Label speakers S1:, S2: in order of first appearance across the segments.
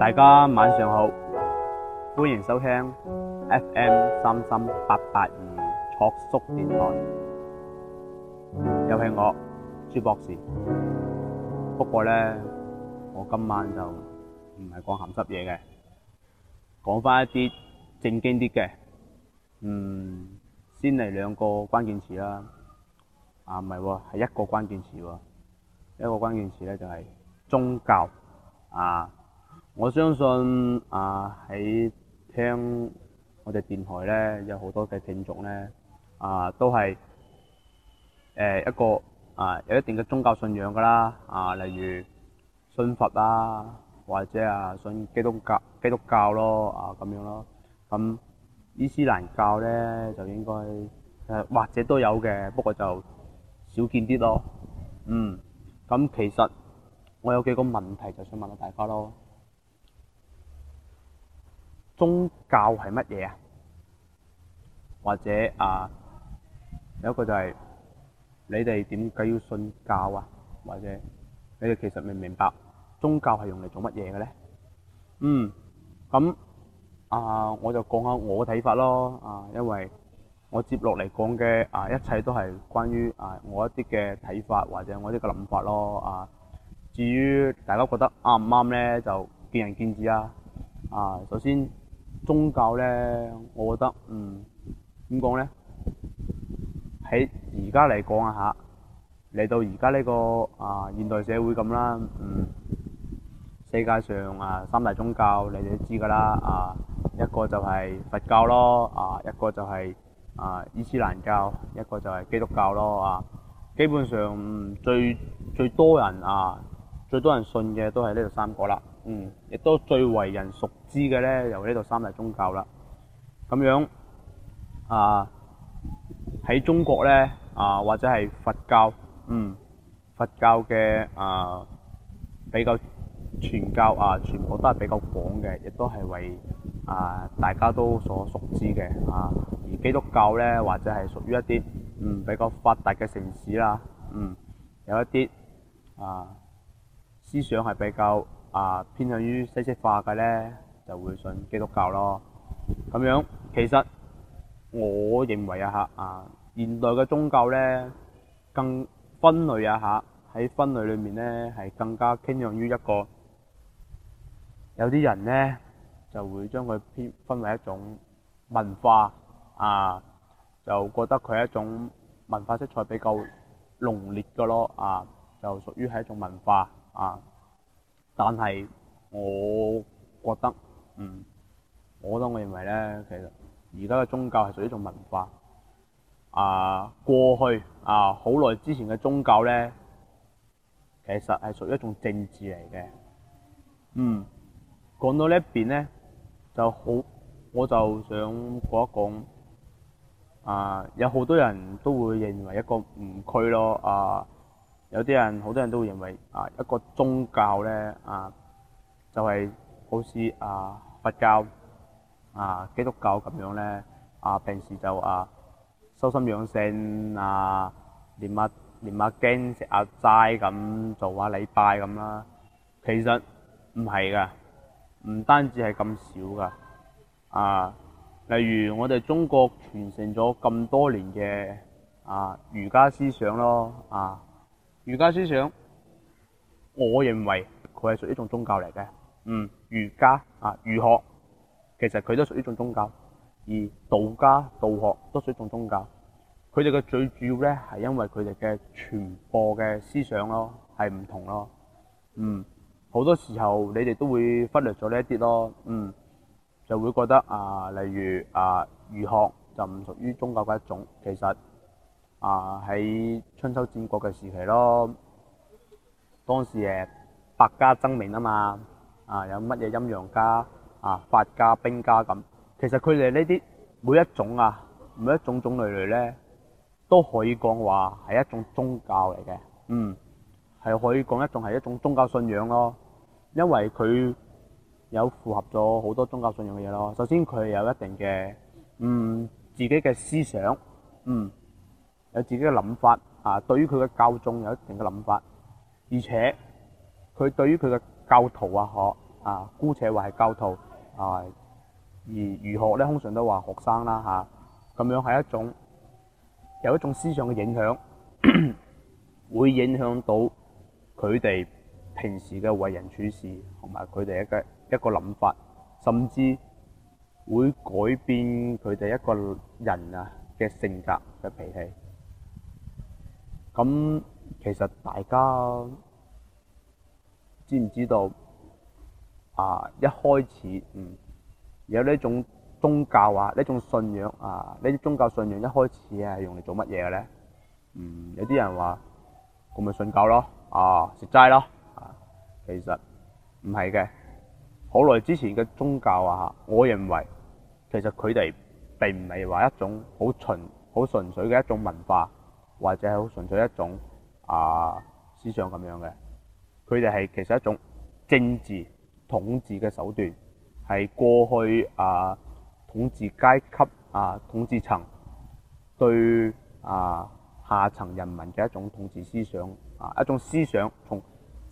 S1: 大家晚上好，歡迎收聽 FM 三三八八二卓叔電台，又係我朱博士。不過呢，我今晚就唔係講咸濕嘢嘅，講翻一啲正經啲嘅。嗯，先嚟兩個關鍵詞啦。啊，唔係喎，係一個關鍵詞喎，啊。一個關鍵詞咧就係宗教啊！我相信啊，喺聽我哋電台咧有好多嘅聽眾咧啊，都係誒一個啊，有一定嘅宗教信仰噶啦啊，例如信佛啊，或者啊信基督教，基督教咯啊咁樣咯。咁伊斯蘭教咧就應該誒，或者都有嘅，不過就少見啲咯。嗯。咁其實我有幾個問題就想問下大家咯，宗教係乜嘢啊？或者啊，有一個就係你哋點解要信教啊？或者你哋其實明唔明白宗教係用嚟做乜嘢嘅咧？嗯，咁啊，我就講下我嘅睇法咯，啊，因為。我接落嚟講嘅啊，一切都係關於啊，我一啲嘅睇法或者我一啲嘅諗法咯啊。至於大家覺得啱唔啱咧，就見仁見智啊。啊，首先宗教咧，我覺得嗯，點講咧？喺而家嚟講下嚟到而家呢個啊，現代社會咁啦，嗯，世界上啊三大宗教，你都知噶啦啊，一個就係佛教咯，啊一個就係……啊！伊斯蘭教，一個就係基督教咯啊，基本上最最多人啊，最多人信嘅都係呢度三個啦。嗯，亦都最為人熟知嘅咧，就係呢度三大宗教啦。咁樣啊，喺中國咧啊，或者係佛教，嗯，佛教嘅啊比較傳教啊，全部都係比較廣嘅，亦都係為啊大家都所熟知嘅啊。基督教咧，或者係屬於一啲嗯比較發達嘅城市啦，嗯，有一啲啊思想係比較啊偏向於西式化嘅咧，就會信基督教咯。咁樣其實我認為一下啊現代嘅宗教咧，更分類一下喺分類裏面咧係更加傾向於一個有啲人咧就會將佢偏分為一種文化。啊，就覺得佢係一種文化色彩比較濃烈嘅咯。啊，就屬於係一種文化啊。但係我覺得，嗯，我覺得我認為咧，其實而家嘅宗教係屬於一種文化啊。過去啊，好耐之前嘅宗教咧，其實係屬於一種政治嚟嘅。嗯，講到呢邊咧，就好，我就想講一講。啊，有好多人都會認為一個誤區咯。啊，有啲人好多人都會認為啊，一個宗教咧啊，就係好似啊佛教啊、基督教咁樣咧啊，平時就啊修心養性啊唸啊唸啊經食啊齋咁做下禮拜咁啦。其實唔係㗎，唔單止係咁少㗎啊。例如我哋中國傳承咗咁多年嘅啊儒家思想咯，啊儒家思想，我認為佢係屬於一種宗教嚟嘅。嗯，儒家啊儒學，其實佢都屬於一種宗教，而道家道學都屬於一種宗教。佢哋嘅最主要咧係因為佢哋嘅傳播嘅思想咯，係唔同咯。嗯，好多時候你哋都會忽略咗呢一啲咯。嗯。就會覺得啊、呃，例如啊，儒、呃、學就唔屬於宗教嘅一種。其實啊，喺、呃、春秋戰國嘅時期咯，當時誒百家爭鳴啊嘛，啊有乜嘢陰陽家、啊法家、兵家咁。其實佢哋呢啲每一種啊，每一種種類類咧，都可以講話係一種宗教嚟嘅。嗯，係可以講一種係一種宗教信仰咯，因為佢，有符合咗好多宗教信仰嘅嘢咯。首先佢有一定嘅嗯，自己嘅思想，嗯有自己嘅諗法啊。對於佢嘅教宗有一定嘅諗法，而且佢對於佢嘅教徒啊，啊姑且話係教徒啊，而儒學咧通常都話學生啦嚇，咁樣係一種有一種思想嘅影響， 會影響到佢哋。平時嘅為人處事，同埋佢哋一個一個諗法，甚至會改變佢哋一個人啊嘅性格嘅脾氣。咁其實大家知唔知道啊？一開始嗯有呢種宗教啊，呢種信仰啊，啊呢啲宗教信仰一開始係、啊、用嚟做乜嘢嘅咧？嗯，有啲人話咁咪信教咯，啊食齋咯。其實唔係嘅，好耐之前嘅宗教啊，我認為其實佢哋並唔係話一種好純好純粹嘅一種文化，或者係好純粹一種啊思想咁樣嘅。佢哋係其實一種政治統治嘅手段，係過去啊統治階級啊統治層對啊下層人民嘅一種統治思想啊一種思想從。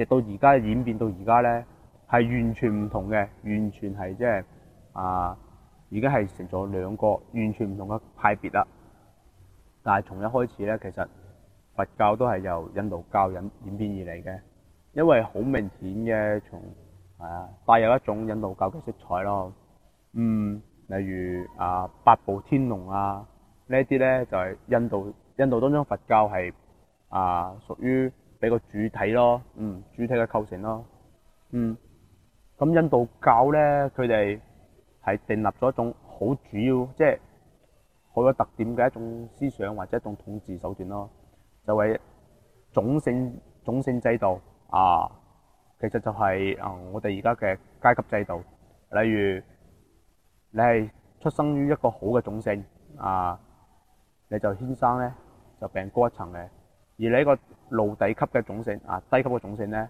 S1: 直到而家演變到而家咧，係完全唔同嘅，完全係即係啊，已經係成咗兩個完全唔同嘅派別啦。但係從一開始咧，其實佛教都係由印度教引演變而嚟嘅，因為好明顯嘅從啊、呃、帶有一種印度教嘅色彩咯。嗯，例如啊、呃、八部天龍啊這些呢啲咧就係、是、印度印度當中佛教係啊、呃、屬於。畀個主體咯，嗯，主體嘅構成咯，嗯，咁印度教咧，佢哋係訂立咗一種好主要，即係好有特點嘅一種思想或者一種統治手段咯，就係種姓種姓制度啊。其實就係啊，我哋而家嘅階級制度，例如你係出生於一個好嘅種姓啊，你就天生咧就病高一層嘅，而你個。奴隸級嘅種姓啊，低級嘅種姓咧，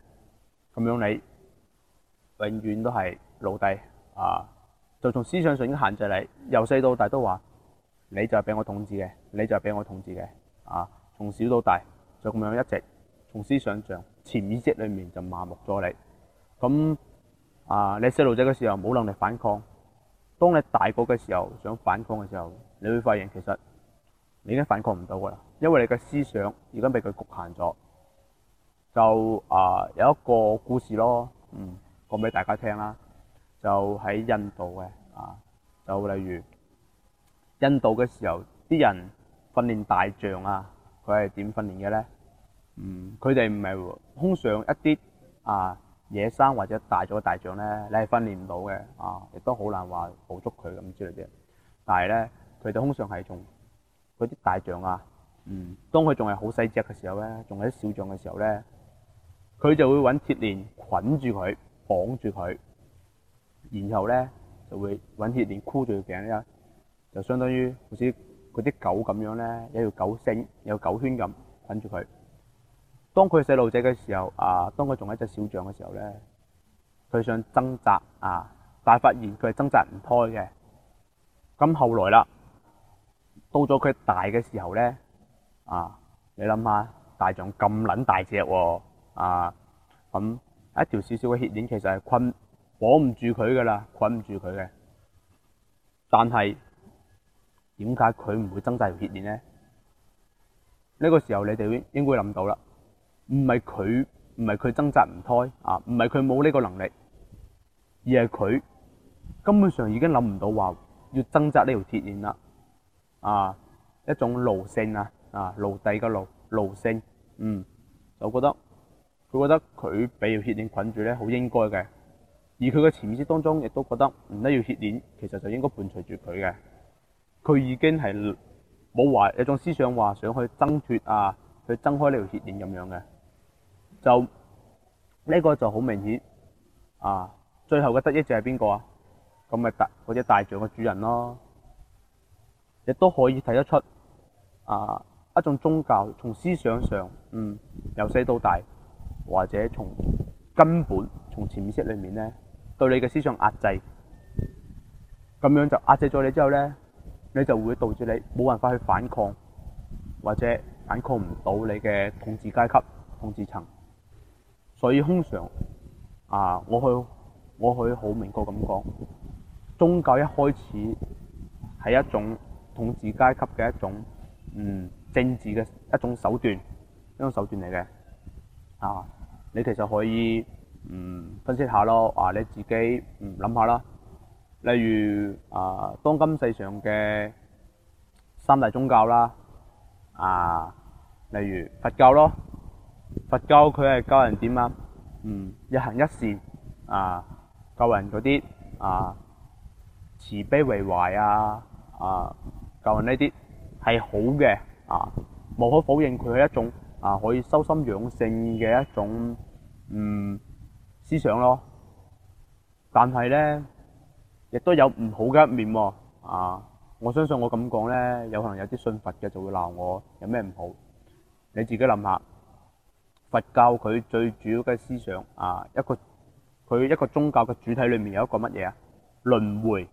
S1: 咁樣你永遠都係奴隸啊！就從思想上已經限制你，由細到大都話，你就係俾我統治嘅，你就係俾我統治嘅啊！從小到大就咁樣一直，從思想上潛意識裏面就麻木咗你。咁啊，你細路仔嘅時候冇能力反抗，當你大個嘅時候想反抗嘅時候，你會發現其實你已經反抗唔到噶啦。因為你嘅思想已經俾佢侷限咗，就啊有一個故事咯，嗯，講俾大家聽啦。就喺印度嘅啊，就例如印度嘅時候，啲人訓練大象啊，佢係點訓練嘅咧？嗯，佢哋唔係空上一啲啊野生或者大咗嘅大象咧，你係訓練唔到嘅啊，亦都好難話捕捉佢咁之類嘅。但係咧，佢哋空上係從嗰啲大象啊。嗯，當佢仲係好細隻嘅時候咧，仲係小象嘅時候咧，佢就會揾鐵鏈捆住佢，綁住佢，然後咧就會揾鐵鏈箍住佢頸咧，就相當於好似嗰啲狗咁樣咧，有條狗繩有狗圈咁捆住佢。當佢細路仔嘅時候啊，當佢仲係隻小象嘅時候咧，佢想掙扎啊，但係發現佢係掙扎唔開嘅。咁後來啦，到咗佢大嘅時候咧。啊！你諗下，大象咁撚大隻喎，啊咁一條少少嘅鐵鏈，其實係困綁唔住佢噶啦，困唔住佢嘅。但係點解佢唔會掙扎條鐵鏈咧？呢個時候你哋應該諗到啦，唔係佢唔係佢掙扎唔開啊，唔係佢冇呢個能力，而係佢根本上已經諗唔到話要掙扎呢條鐵鏈啦。啊，一種奴性啊！啊，奴隸嘅奴奴性，嗯，就覺得佢覺得佢俾條血鏈捆住咧，好應該嘅。而佢嘅潛意識當中，亦都覺得唔得要血鏈，其實就應該伴隨住佢嘅。佢已經係冇話有種思想話想去掙脫啊，去掙開呢條血鏈咁樣嘅。就呢，這個就好明顯。啊，最後嘅得益就係邊個啊？咁咪大嗰隻、那個、大象嘅主人咯。亦都可以睇得出，啊。一種宗教，從思想上，嗯，由細到大，或者從根本、從潛意識裏面呢，對你嘅思想壓制，咁樣就壓制咗你之後呢，你就會導致你冇辦法去反抗，或者反抗唔到你嘅統治階級、統治層。所以通常，啊，我會，我會好明確咁講，宗教一開始係一種統治階級嘅一種，嗯，政治嘅一種手段，一種手段嚟嘅啊！你其實可以嗯，分析下咯啊，你自己嗯，諗下啦。例如啊，當今世上嘅三大宗教啦啊，例如佛教咯，佛教佢係教人點啊？嗯，一行一善啊，教人嗰啲啊，慈悲為懷啊啊，教人呢啲係好嘅。啊，無可否認佢係一種啊可以修心養性嘅一種嗯思想咯。但係咧，亦都有唔好嘅一面喎。啊，我相信我咁講咧，有可能有啲信佛嘅就會鬧我，有咩唔好？你自己諗下，佛教佢最主要嘅思想啊，一個佢一個宗教嘅主體裏面有一個乜嘢啊？輪回，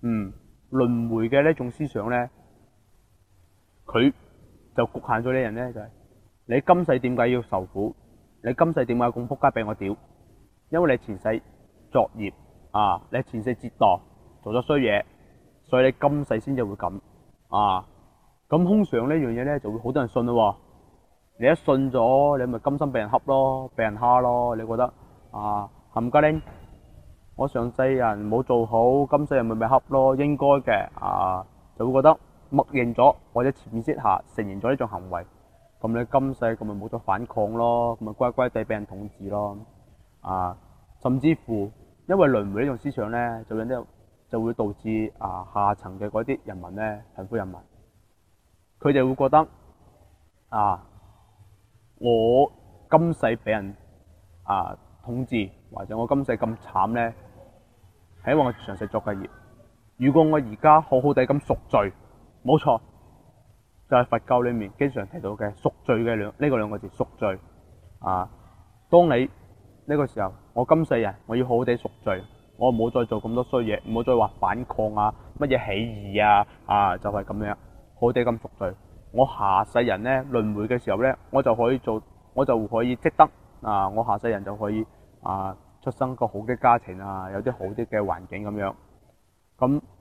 S1: 嗯，輪回嘅呢種思想咧。佢就局限咗呢人咧，就係你今世點解要受苦？你今世點解咁撲街俾我屌？因為你前世作孽啊，你前世折墮，做咗衰嘢，所以你今世先至會咁啊。咁通常呢樣嘢咧，就會好多人信咯。你一信咗，你咪甘心俾人恰咯，俾人蝦咯。你覺得啊，冚家拎，我上世人冇做好，今世人咪咪恰咯，應該嘅啊，就會覺得。默認咗或者潛意識下承認咗呢種行為，咁你今世咁咪冇咗反抗咯，咁咪乖乖地俾人統治咯。啊，甚至乎因為輪迴呢種思想咧，就引得就會導致啊下層嘅嗰啲人民咧，貧富人民，佢哋會覺得啊，我今世俾人啊統治，或者我今世咁慘咧，係因為我常世作嘅孽。如果我而家好好地咁贖罪。冇錯，就係、是、佛教裏面經常提到嘅贖罪嘅兩呢個兩、這個、個字贖罪啊！當你呢個時候，我今世人我要好好地贖罪，我唔好再做咁多衰嘢，唔好再話反抗啊，乜嘢起義啊，啊就係、是、咁樣，好地咁贖罪，我下世人呢，輪迴嘅時候呢，我就可以做，我就可以積德，啊！我下世人就可以啊出生，個好嘅家庭啊，有啲好啲嘅環境咁、啊、樣咁。啊啊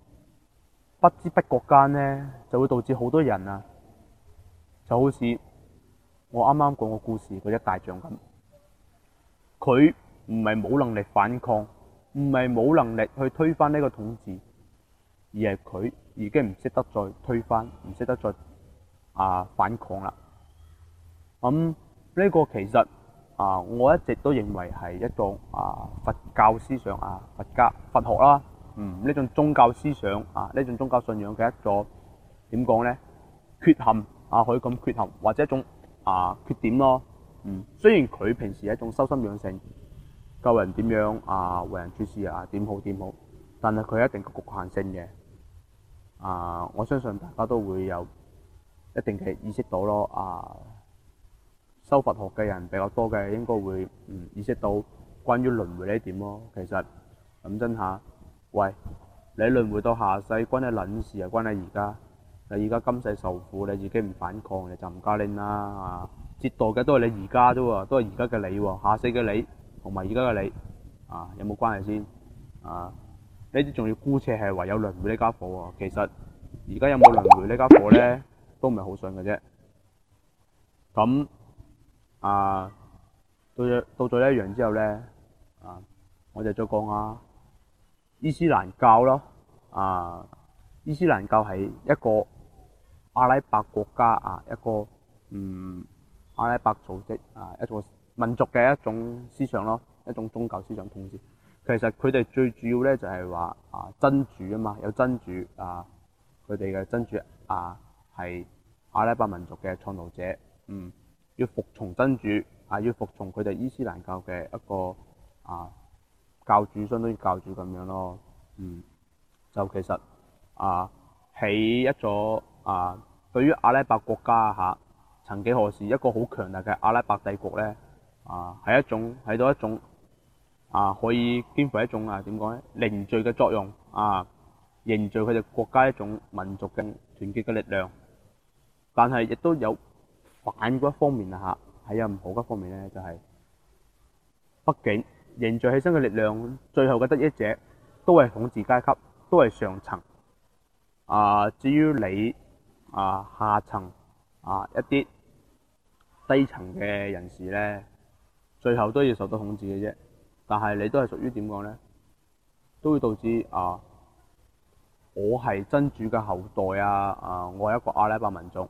S1: 不知不覺間呢，就會導致好多人啊，就好似我啱啱講個故事嗰一大象咁，佢唔係冇能力反抗，唔係冇能力去推翻呢個統治，而係佢已經唔識得再推翻，唔識得再啊反抗啦。咁、嗯、呢、呢個其實啊，我一直都認為係一個啊佛教思想啊，佛家佛學啦。嗯，呢種宗教思想啊，呢種宗教信仰嘅一座點講咧缺陷啊，可以咁缺陷或者一種啊缺點咯。嗯，雖然佢平時係一種修心養性，教人點樣啊為人處事啊點好點好，但係佢一定的局限性嘅。啊，我相信大家都會有一定嘅意識到咯。啊，修佛學嘅人比較多嘅，應該會嗯意識到關於輪回呢一點咯。其實諗、嗯、真下。喂，你輪回到下世關你卵事啊，關你而家。你而家今世受苦，你自己唔反抗，你就唔加拎啦。啊，折墮嘅都係你而家啫，都係而家嘅你，下世嘅你同埋而家嘅你啊，有冇關係先？啊，呢啲仲要姑且係唯有輪回呢家貨啊？其實而家有冇輪回家伙呢家貨咧，都唔係好信嘅啫。咁啊，到咗到咗呢一樣之後咧，啊，我就再講下。伊斯蘭教咯，啊，伊斯蘭教係一個阿拉伯國家啊，一個嗯阿拉伯組織啊，一個民族嘅一種思想咯，一種宗教思想統治。其實佢哋最主要咧就係話啊真主啊嘛，有真主啊，佢哋嘅真主啊係阿拉伯民族嘅創造者，嗯，要服從真主啊，要服從佢哋伊斯蘭教嘅一個。教主，相當於教主咁樣咯，嗯，就其實啊，起一座啊，對於阿拉伯國家嚇，曾幾何時一個好強大嘅阿拉伯帝國咧啊，係一種起到一種啊，可以肩負一種啊，點講咧，凝聚嘅作用啊，凝聚佢哋國家一種民族嘅團結嘅力量，但係亦都有反嗰一方面啊嚇，係有唔好嗰方面咧就係畢竟。凝聚起身嘅力量，最後嘅得益者都係統治階級，都係上層。啊，至於你啊，下層啊，一啲低層嘅人士咧，最後都要受到統治嘅啫。但係你都係屬於點講咧？都會導致啊，我係真主嘅後代啊！啊，我係一個阿拉伯民族，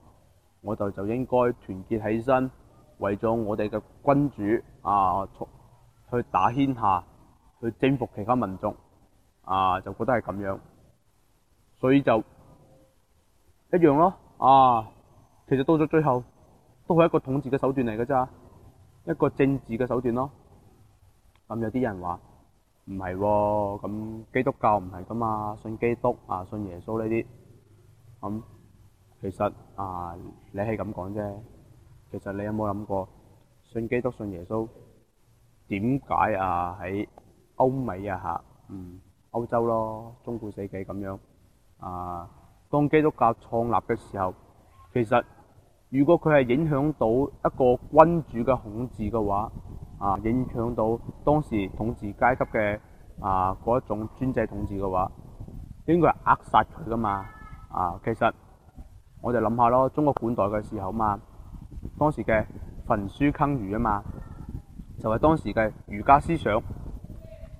S1: 我哋就應該團結起身，為咗我哋嘅君主啊！去打天下，去征服其他民族，啊，就覺得係咁樣，所以就一樣咯。啊，其實到咗最後都係一個統治嘅手段嚟嘅咋，一個政治嘅手段咯。咁有啲人話唔係，咁基督教唔係咁啊，信基督啊，信耶穌呢啲。咁其實啊，你係咁講啫。其實你有冇諗過信基督、信耶穌？點解啊？喺歐美啊嚇，嗯，歐洲咯，中古世紀咁樣啊，當基督教創立嘅時候，其實如果佢係影響到一個君主嘅統治嘅話，啊，影響到當時統治階級嘅啊嗰一種專制統治嘅話，應該係扼殺佢噶嘛。啊，其實我就諗下咯，中國古代嘅時候嘛，當時嘅焚書坑儒啊嘛。就係當時嘅儒家思想，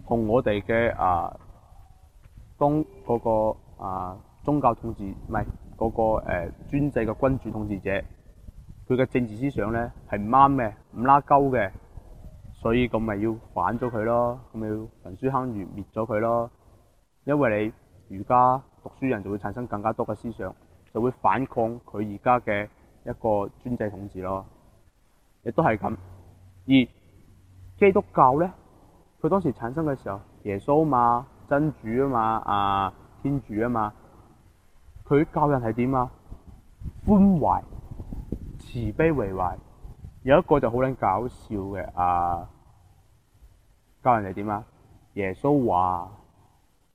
S1: 同我哋嘅啊，當嗰個啊宗教統治唔係嗰個誒、啊、專制嘅君主統治者，佢嘅政治思想咧係唔啱嘅，唔拉勾嘅，所以咁咪要反咗佢咯，咁咪要焚書坑儒滅咗佢咯。因為你儒家讀書人就會產生更加多嘅思想，就會反抗佢而家嘅一個專制統治咯，亦都係咁二。基督教咧，佢當時產生嘅時候，耶穌啊嘛，真主啊嘛，啊天主啊嘛，佢教人係點啊？歡懷、慈悲為懷。有一個就好撚搞笑嘅啊，教人係點啊？耶穌話：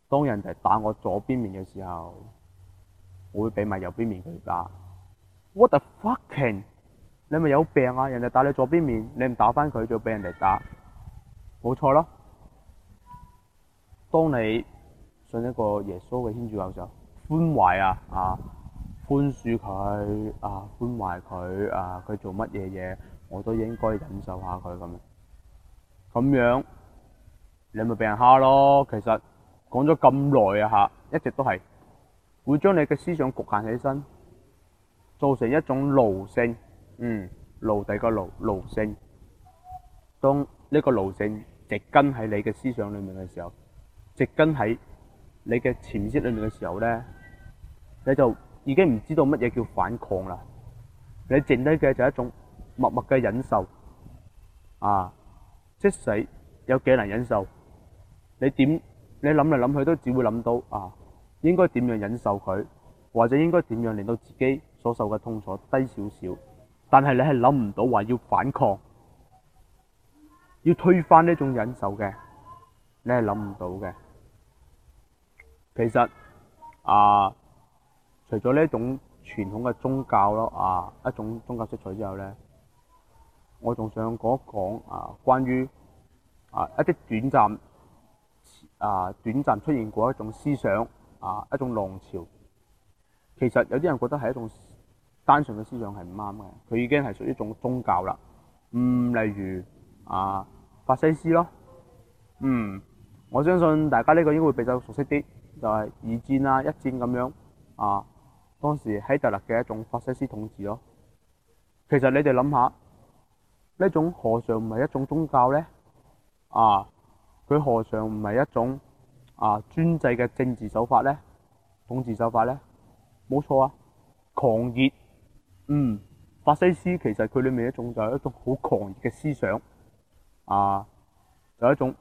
S1: 當人哋打我左邊面嘅時候，我會俾埋右邊面佢打。What the fucking 你係咪有病啊！人哋打你左邊面，你唔打翻佢，就俾人哋打，冇錯咯。當你信一個耶穌嘅天主教嘅時候，寬懷啊啊，寬恕佢啊，寬懷佢啊，佢做乜嘢嘢我都應該忍受下佢咁樣咁樣，你咪俾人蝦咯。其實講咗咁耐啊，嚇一直都係會將你嘅思想侷限起身，造成一種奴性。嗯，奴隸嘅奴奴性，當呢個奴性植根喺你嘅思想裏面嘅時候，植根喺你嘅潛意識裏面嘅時候咧，你就已經唔知道乜嘢叫反抗啦。你剩低嘅就係一種默默嘅忍受啊。即使有幾難忍受，你點你諗嚟諗去都只會諗到啊，應該點樣忍受佢，或者應該點樣令到自己所受嘅痛楚低少少。但係你係諗唔到話要反抗，要推翻呢種忍受嘅，你係諗唔到嘅。其實啊，除咗呢種傳統嘅宗教咯啊，一種宗教色彩之後咧，我仲想講一講啊，關於啊一啲短暫啊，短暫出現過一種思想啊，一種浪潮，其實有啲人覺得係一種。單純嘅思想係唔啱嘅，佢已經係屬於一種宗教啦。嗯，例如啊，法西斯咯。嗯，我相信大家呢個應該會比較熟悉啲，就係二戰啊、一戰咁樣啊。當時希特勒嘅一種法西斯統治咯。其實你哋諗下，呢種何嘗唔係一種宗教咧？啊，佢何嘗唔係一種啊專制嘅政治手法咧？統治手法咧，冇錯啊，狂熱。嗯，法西斯其實佢裏面一種就係一種好狂熱嘅思想啊，就一種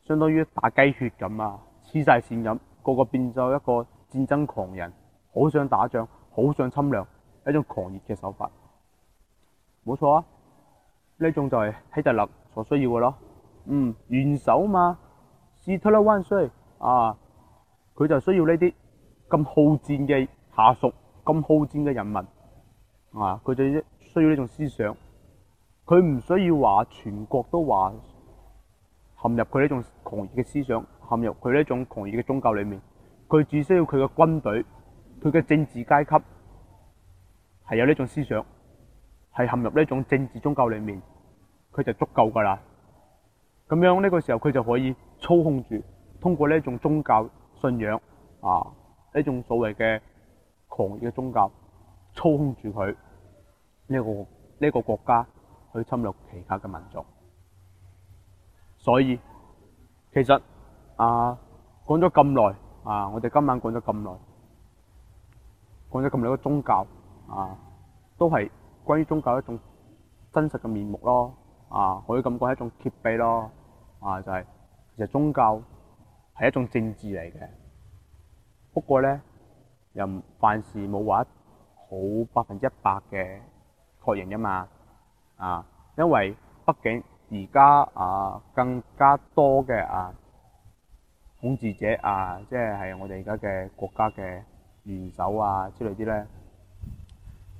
S1: 相當於打雞血咁啊，黐晒線咁，個個變咗一個戰爭狂人，好想打仗，好想侵略，一種狂熱嘅手法，冇錯啊。呢種就係希特勒所需要嘅咯。嗯，元首嘛，希特勒萬歲啊！佢就需要呢啲咁好戰嘅下屬，咁好戰嘅人民。啊！佢就需要呢種思想，佢唔需要話全國都話陷入佢呢種狂熱嘅思想，陷入佢呢種狂熱嘅宗教裏面。佢只需要佢嘅軍隊，佢嘅政治階級係有呢種思想，係陷入呢種政治宗教裏面，佢就足夠噶啦。咁樣呢個時候，佢就可以操控住，通過呢種宗教信仰啊，呢種所謂嘅狂熱嘅宗教操控住佢。呢個呢個國家去侵略其他嘅民族，所以其實啊講咗咁耐啊，我哋今晚講咗咁耐，講咗咁耐嘅宗教啊，都係關於宗教一種真實嘅面目咯。啊，我嘅感覺係一種揭秘咯。啊，就係其實宗教係一種政治嚟嘅。不過咧，又凡事冇話好百分之一百嘅。確認吖嘛，啊，因為畢竟而家啊更加多嘅啊統治者啊，即係係我哋而家嘅國家嘅元首啊之類啲咧，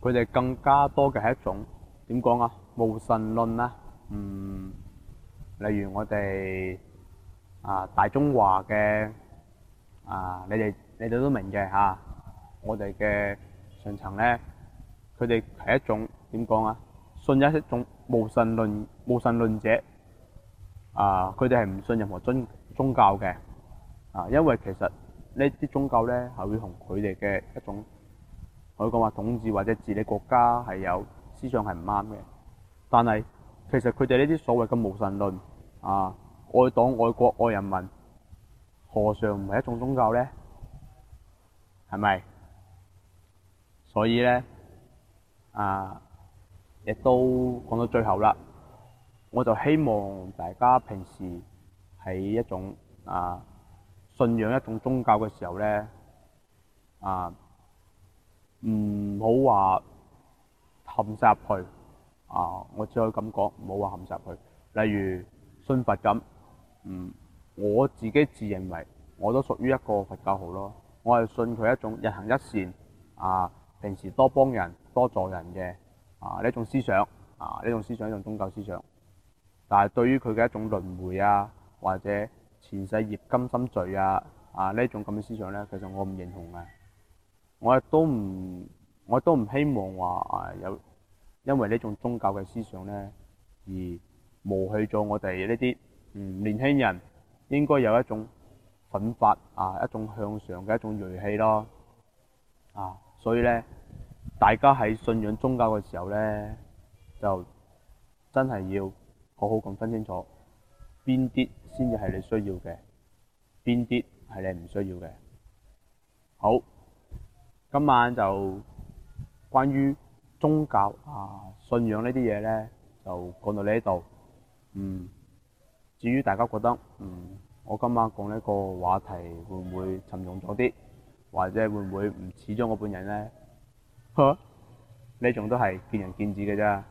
S1: 佢哋更加多嘅係一種點講啊？無神論啊，嗯，例如我哋啊大中華嘅啊，你哋你哋都明嘅吓，我哋嘅上層咧。佢哋係一種點講啊？信一種無神論無神論者啊！佢哋係唔信任何宗宗教嘅啊，因為其實呢啲宗教咧係會同佢哋嘅一種可以講話統治或者治理國家係有思想係唔啱嘅。但係其實佢哋呢啲所謂嘅無神論啊，愛黨愛國愛人民，何嘗唔係一種宗教咧？係咪？所以咧。啊！亦都講到最後啦，我就希望大家平時喺一種啊信仰一種宗教嘅時候咧，啊唔好話濫雜佢啊。我只可以咁講，唔好話濫雜佢。例如信佛咁，嗯，我自己自認為我都屬於一個佛教好咯。我係信佢一種日行一善啊，平時多幫人。多助人嘅啊，呢一種思想啊，呢種思想，一種宗教思想，但係對於佢嘅一種輪迴啊，或者前世業今生罪啊，啊呢種咁嘅思想咧，其實我唔認同嘅，我亦都唔，我都唔希望話啊，有因為呢種宗教嘅思想咧，而磨去咗我哋呢啲嗯，年輕人應該有一種奮發啊，一種向上嘅一種銳氣咯啊，所以咧。嗯大家喺信仰宗教嘅時候咧，就真係要好好咁分清楚邊啲先至係你需要嘅，邊啲係你唔需要嘅。好，今晚就關於宗教啊、信仰這些呢啲嘢咧，就講到呢度。嗯，至於大家覺得嗯，我今晚講呢個話題會唔會沉重咗啲，或者會唔會唔似咗我本人咧？呵，呢種 Huh? 都係見仁見智嘅咋。